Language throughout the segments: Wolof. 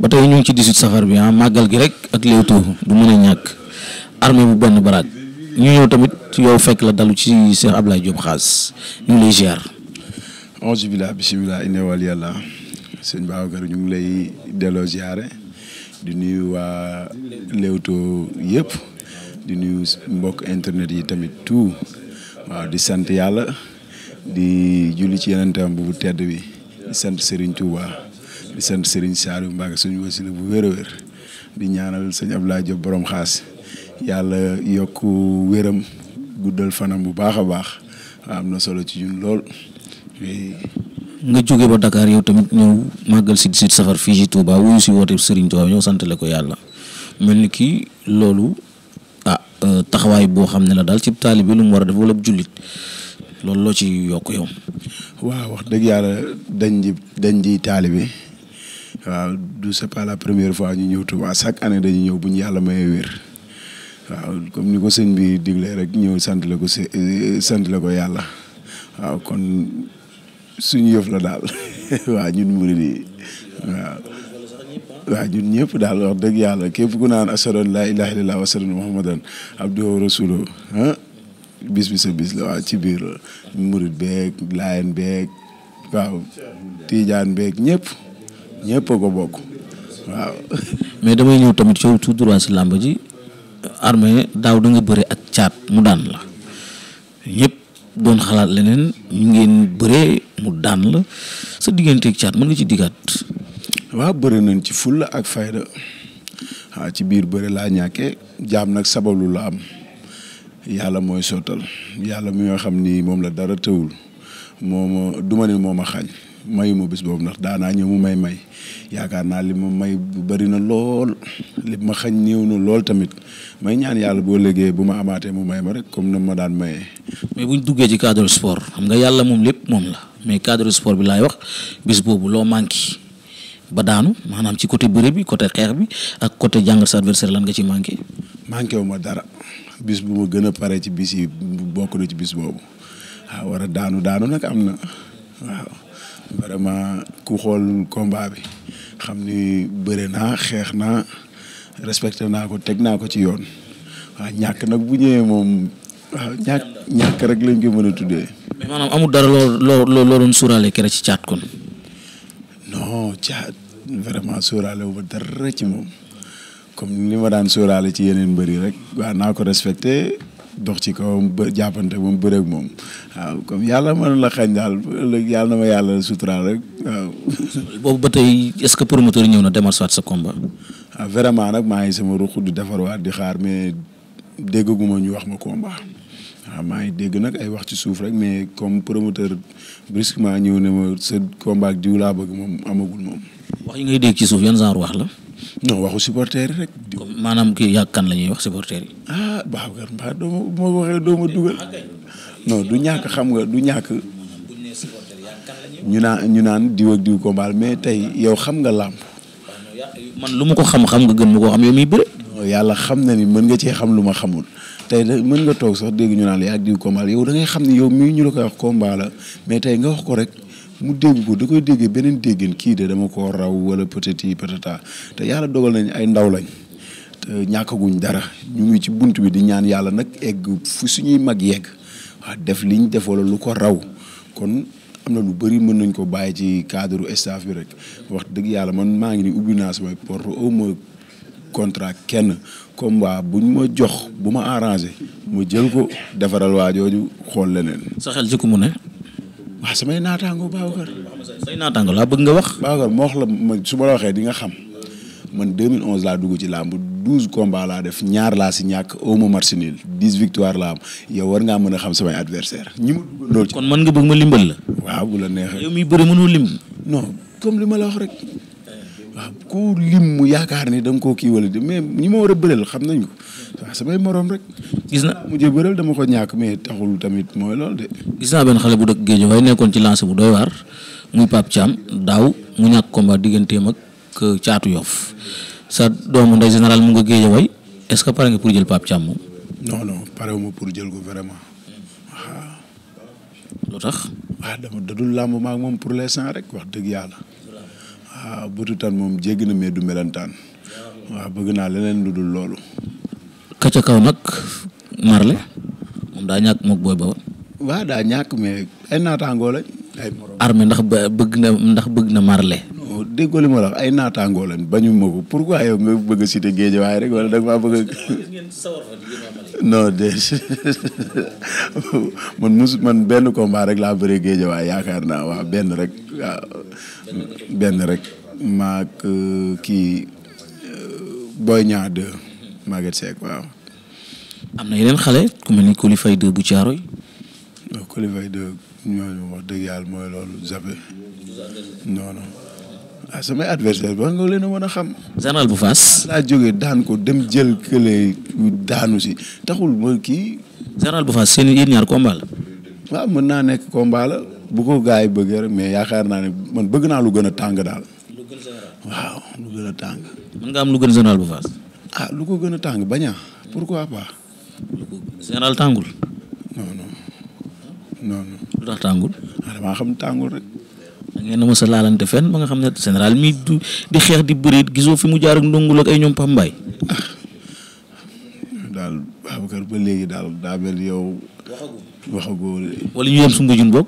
ba tey ñu ci 18 safar bi ah gi rek ak Leewtoo du mën a ñàkk armée bu benn baraag ñu ñëw tamit yow fekk la dalu ci Cheikh Abdoulaye Diop xaas ñu lay ziar. auzu billah bisimilah inna wal yàlla ñu ngi lay delloo ziare di nuyu waa Leewtoo yëpp di nuyu mbokk internet yi tamit tout waaw di sant yàlla di julli ci yeneen tam bu tedd bi di sant Serigne Touba. di sant Serigne Saliou Mbacké suñu wasila bu wér wér di ñaanal sëñ Abdoulaye Diop boroom xaas yàlla yokk wéram guddal fanam bu baax a baax am na solo ci ñun lool. nga jóge ba Dakar yow tamit ñëw màggal si 17 safar fii ci Touba wuyu si woote Serigne Touba ñëw santale ko yàlla mel ni kii loolu ah euh, taxawaay boo xam ne la daal ci taalibe bi lu mu war a def jullit loolu loo ci yokk yow. waaw wax dëgg yàlla dañ ji dañ ji waaw du c'est pas la première fois ñu ñëw Touba chaque année dañu ñëw bu ñu yàlla mayee wér waaw comme ni ko sëñ bi diglee rek ñëw sant la ko si sant ko yàlla waaw kon suñu yëf la daal waaw ñun murid yi waaw ñun ñëpp daal wax dëgg yàlla képp ku naan asadoon laa ilaha illallah wa muhammadan abduhu rasuluhu ah, bis bi bis la waaw ci biir murid beeg laayen beeg waaw tiijaan beeg ñëpp ñëpp ko bokk waaw. mais damay ñëw tamit coow tout droit si làmb daaw da nga ak caat mu daan la ñëpp doon xalaat leneen ñu ngeen bëree mu daan la sa digganteeg caat mën nga ci diggaat. waaw bëri nañ ci fulla ak fayda waaw ci biir bëri laa ñàkkee jaam nag sabablu la am yàlla mooy sottal yàlla mi nga xam ni moom la dara tëwul moom duma ni moom a xañ mayu ma bis boobu ndax daanaa ñëw mu may may yaakaar naa li ma may bu bëri na lool li ma xañ néew na lool tamit may ñaan yàlla boo léegee bu ma amaatee mu may ma rek comme na ma daan mayee. mais buñ duggee ci cadre sport xam nga yàlla moom lépp moom la mais cadre sport bi laay wax bis boobu loo manqué ba daanu maanaam ci côté bëre bi côté xeex bi ak côté jàngal sa adversaire lan nga ci manqué. manqué wu ma dara bis bu ma gën a pare ci bis yi bokk na ci bis boobu. waaw ah, war a daanu daanu nag am na waaw vraiment ku xool combat bi xam ni bëre naa xeex naa respecté naa ko teg naa ko ci yoon waaw ñàkk nag bu ñëwee moom waaw ñàkk rek lañ ko mën a tuddee. maanaam amul dara loo loo doon suuraale kere ci caat kon. non caat vraiment suuraale wu ma dara ci moom comme ni ma daan suuraale ci yeneen mbër yi rek waaw naa ko respecté. dox ci kawam ba jàppante moom bëreeg moom waaw comme yàlla mën la xañ daal ëllëg yàlla na ma yàlla suturaal rek waaw. boobu ba tey est-ce que promoteur ñëw na démarche waat sa combat. ah vraiment nag ngi sama ruq di di xaar mais déggaguma ñu wax ma combat. waaw ah, maa ngi dégg nag ay wax ci suuf rek mais comme promoteur brusquement ñëw ne ma sa combat ak diw laa bëgg moom amagul moom. wax yi ngay dégg ci suuf yan genre wax la. non waxu supporter yi rek. maanaam kii yàgg kan la ñuy wax supporter yi. ah Babacar Mbaye doo ma moo waxee doo ma dugal. non du ñàkk xam nga du ñàkk. ñu naan ñu naan diw ak diw ko mbaal mais tey yow xam nga làmb. man lu ma ko xam-xam nga gën ma ko xam yow miy bëre. yàlla xam na ni mën nga cee xam lu ma xamul tey da mën nga toog sax dégg ñu naan yaa diw combat yow da ngay xam ni yow mii ñu la koy wax combat mais tey nga wax ko rek mu dégg ko da koy déggee beneen déggin kii de dama ko raw wala peut-être yi peut-être te yàlla dogal nañ ay ndaw lañ te ñàkkaguñ dara ñu ngi ci bunt bi di ñaan yàlla nag egg fu suñuy mag yegg waa def liñ def wala lu ko raw kon am na lu bëri mën nañ ko bàyyi ci cadre staff bi rek wax dëgg yàlla man maa ngi ni ubbi naa samay porte au moins contrat kenn comme waa buñ ma jox bu ma arrangé ma jël ko defaral waa jooju xool leneen. sa xel ci ku mu ne. waaw samay naataango Babacar. say naataango laa bëgg nga wax. Babacar moo wax la ma su ma la waxee di nga xam man 2011 laa dugg ci làmb 12 combats laa def ñaar laa si ñàkk au ma match nul 10 victoire laa am yow war ngaa mën a xam samay adversaire ñi ma duggandoo ci. kon man nga bëgg ma limbal la. waaw bu la neexee. yow miy bëri mënoo lim. non comme li ma la wax rek. waaw ku lim mu yaakaar ni da nga koo kii wala mais ñi ma war a bëreel xam nañ ko samay morom rek. gis na mu mujjee bëral dama ko ñàkk mais taxul tamit mooy loolu de. gis naa benn xale bu dëkk Guédiawaye nekkoon ci lancé bu doy waar muy Pape Thiam daaw mu ñàkk ma digganteem ak caatu euh, Yoff sa doomu ndax général mu nga Guédiawaye est ce que pare nga pour jël Pape Thiam moom. non non pare wu ma pour jël ko vraiment waaw. Hmm. tax. waaw ah, dama dadul làmb maag moom pour l'instant rek wax dëgg yàlla. waaw ah, bëtu tan moom jéggi na mais du melantaan. waaw bëgg naa leneen lu dul loolu. ka ca kaw nag Marley moom daa ñàkk moog booy bawal. daa ñàkk mais ay naataangoo lañ. ay ndax bëgg na ndax bëgg na la ay naataangoo lañ bañu ma ko pourquoi yow nga bëgg a cité rek wala da nga maa bëgg a. de man mus man benn combat rek laa bëree Guédiawaye yaakaar naa waaw benn rek waaw benn rek. maak kii Boy Niang Maguette Seck waaw. am na yeneen xale ku mel ni Coly Faye 2 bu Thiaroye. waaw dëgg yàlla mooy loolu zappé non ah, samay adversaire ba nga leen a mën a xam. général bu Fass. laa jógee daan ko dem jël kële daanu si taxul ma kii. général bu Fass seen yéen ñaar combat waaw mën naa nekk combat la bu ko gars yi bëgg rek mais yaakaar naa ne man bëgg naa lu gën a tàng daal. lu waaw lu gën a tàng. mën nga am lu gën général bu Fass. ah lu ko gën a tàng baña pourquoi pas. lu ko général tàngul. non non non non. lu tax tàngul. ah damaa xam tàngul rek. da ngeen a mos a laalante ba nga xam ne général mi du di xeex di bëri gisoo fi mu jaar ak ndongul ak ay ñoom Pambaay. Ah, daal Babacar ba léegi daal daa mel waxagoo wala ñu yem sumba jun boog.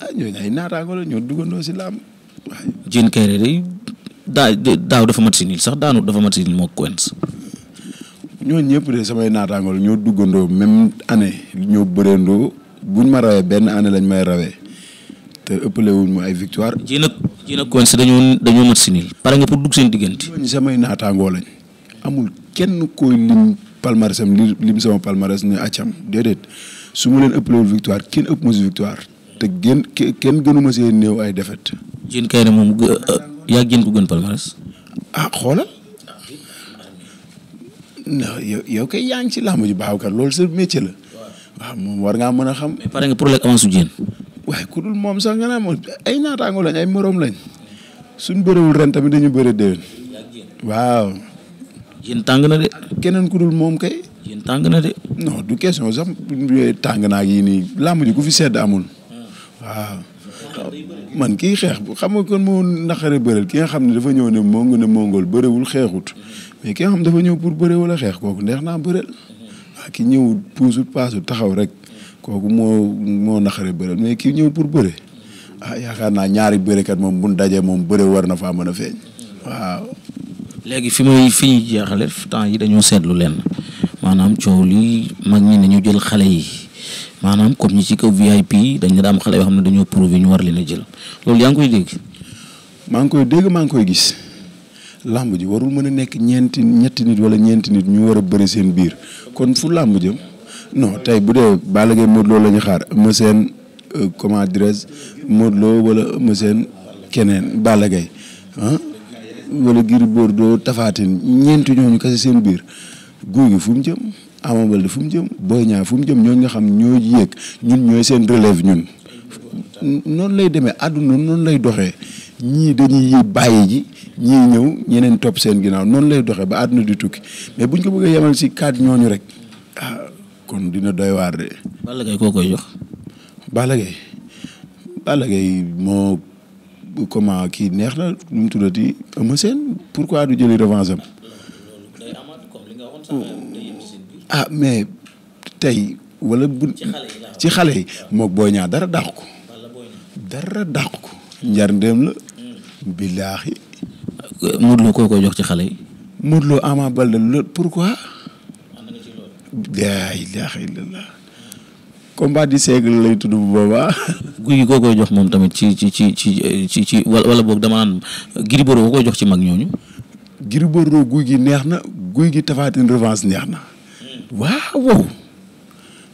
ah ñooñu ay naataango la ñoo duggandoo si laam. jën kayre day daa daaw dafa mat si niil sax daanu dafa mat si niil moo Queens. ñooñu ñëpp de samay naataangool ñoo duggandoo même année ñoo bëreendoo buñ ma rawee benn année lañ may rawee te ëppale wuñ ma ay victoire. ji nag ji nag Queens dañoo dañoo mat si niil. pare nga pour dugg seen diggante. ñooñu samay naataangoo lañ amul kenn koy lim palmarès am li lim sama palmarès ne accam déedéet leen ëppale wul victoire kenn ëpp ma si victoire te gën kenn gënu ma see néew ay défaite. jéen kay ne moom. yaa gën ko gën palmarès. ah xoolal yow yow kay yaa ngi ci làmb ji baaw ka lool sa métier la. waaw moom mën a xam. mais pare nga pour lekk avance su jéen. waaye ku moom sax nga naan moom ay naataango lañ ay moroom lañ. suñ bëriwul ren tamit dañu bëri déwén. waaw. jéen tàng na de. keneen ku moom kay. jéen tàng na de. non du question sax tàng naa ak nii làmb ji ku fi sedd amul. Hmm. waaw. man kii xeex bu xam nga kon moo naqare bëreel ki nga xam ne dafa ñëw ne mongo ne mongol bëriwul xeexut mais ki nga xam dafa ñëw pour bëre wala xeex kooku na naa bëreel waa ki ñëw puusut paasut taxaw rek kooku moo moo naqare bëreel mais ki ñëw pour bëre ah yaakaar naa ñaari bërekat moom buñ dajee moom bëre war na faa mën a feeñ waaw léegi fi may fi ñuy temps yi dañoo seetlu leen maanaam coow li ma ñi ne ñu jël xale yi maanaam comme ñi ci kaw VIP dañ ñu am xale yoo xam ne dañoo prouvé ñu war leen a jël loolu yaa ngi koy maa ngi koy dégg maa ngi koy gis làmb ji warul mën a nekk ñeenti ñetti nit wala ñeenti nit ñu war a bëri seen biir kon fu làmb jëm non tey bu dee Balla Gaye Modou Lo la ñu xaar ma seen euh, comment dirais Modou Lo wala ma seen keneen Balla Gaye ah wala Gris Bordeaux Tapha Tine ñeenti ñooñu seen biir guy gi fu jëm. Ama Baldé fu mu jëm Boy Niang fu mu jëm ñooñu nga xam ñoo yéeg ñun ñooy seen relève ñun noonu lay demee àdduna noonu lay doxee ñii dañuy bàyyi ji ñii ñëw ñeneen topp seen ginnaaw noonu lay doxee ba àdduna di tukki mais buñ ko bëggee si cadre ñooñu rek ah dina doy waar de. koo koy jox. Balla Gaye Balla Gaye moo kii neex na nu mu tuddati Eumeu Sène pourquoi du jëli revanche am. ah mais tey wala bu ci xale yi moog booy ñaa dara dàq ko dara dàq ko njarndéem la hmm. billaahi Modou Lo koo koy jox ci xale yi Modou Lo Ama Baldé loolu pourquoi laa ilaaha illallah combat du siècle lay tudd boobaa guy gi koo koy jox moom tamit ci ci ci ci ci ci wala boog dama naan Gris Bordeaux koo koy jox ci mag ñooñu Gris Bordeaux guy gi neex na guy gi Tapha Tine neex na waaw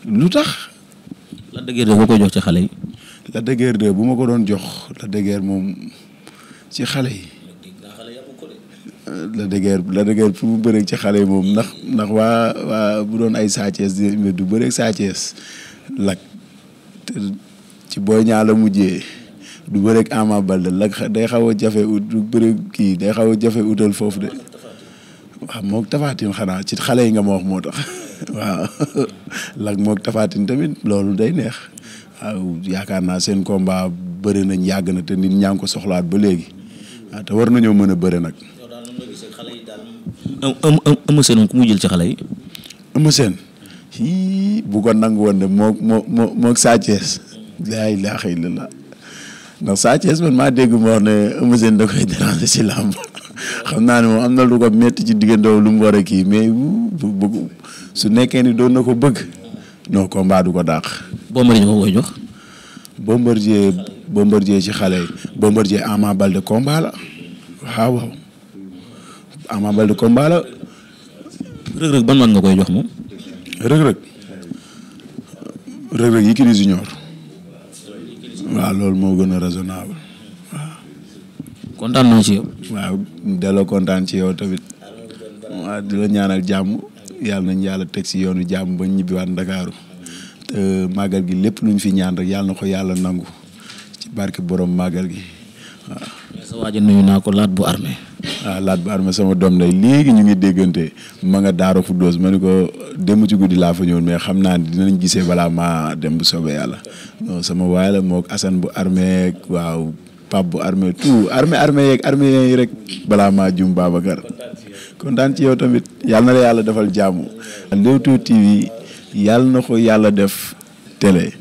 lu tax. la de Guiers 2 boo ci xale yi. Lac de bu ma ko doon jox Lac de moom ci xale yi. Lac de Guiers Lac de fu mu bëreeg ci xale yi moom ndax ndax waa waa bu doon ay Sa Thiès du bëreeg Sa Thiès ci booy Niang la mujjee du bëreeg Ama Baldé Lac day xaw a jafe ut du bëreeg kii day xaw a jafe utal foofu de. xam ah, moog tafaatin xanaa ci xale yi nga ma wax moo tax waaw lak moog tafaatin tamit loolu day neex waaw yaakaar naa seen combat bëri nañ yàgg na te nit ñaa ko soxlaat ba léegi waaw ah, te war nañoo mën a bëri nag. Eumeu Sène ku mu jël ci xale yi. Eumeu Sène bu ko nangu woon de moog moo saa moog Sa Thiès. laa ilaaha na Sa Thiès man maa dégg mu wax ne Eumeu Sène da koy déranger xam naa ne moom am na lu ko métti ci diggante lu mu war a kii mais bu su nekkee ni doon na ko bëgg non combat du ko dàq. Bombardier moo koy jox. Bombardier Bombardier ci xale yi Bombardier Ama Baldé combat rëg-rëg ban man nga koy jox moom. rëg-rëg rëg Junior waaw loolu moo gën a raisonnable waaw. kontaan naa ci yow. waaw delloo kontaan ci yow tamit waaw la ñaanal jàmm yàlla nañ yàlla teg si yoonu jàmm ba ñibbiwaat Ndakaaru te màggal gi lépp luñ fi ñaan rek yàlla na ko yàlla nangu ci barke borom màggal gi waaw. sa naa ko laat bu armée ah laat bu armé sama doom day léegi ñu ngi déggante ma nga daara fu doos ma ne ko dem ci guddi laa fa ñëwoon mais xam naa ne dinañ gisee balaa maa dem bu soobee yàlla non sama waay la moog Assane bu armé waaw Pape bu armé tout armé armé yeeg armé yi balaa maa jum Babacar kontaan ci yow tamit yàlla yàlla defal jàmm. Leewtoo TV yàlla na ko yàlla def télé.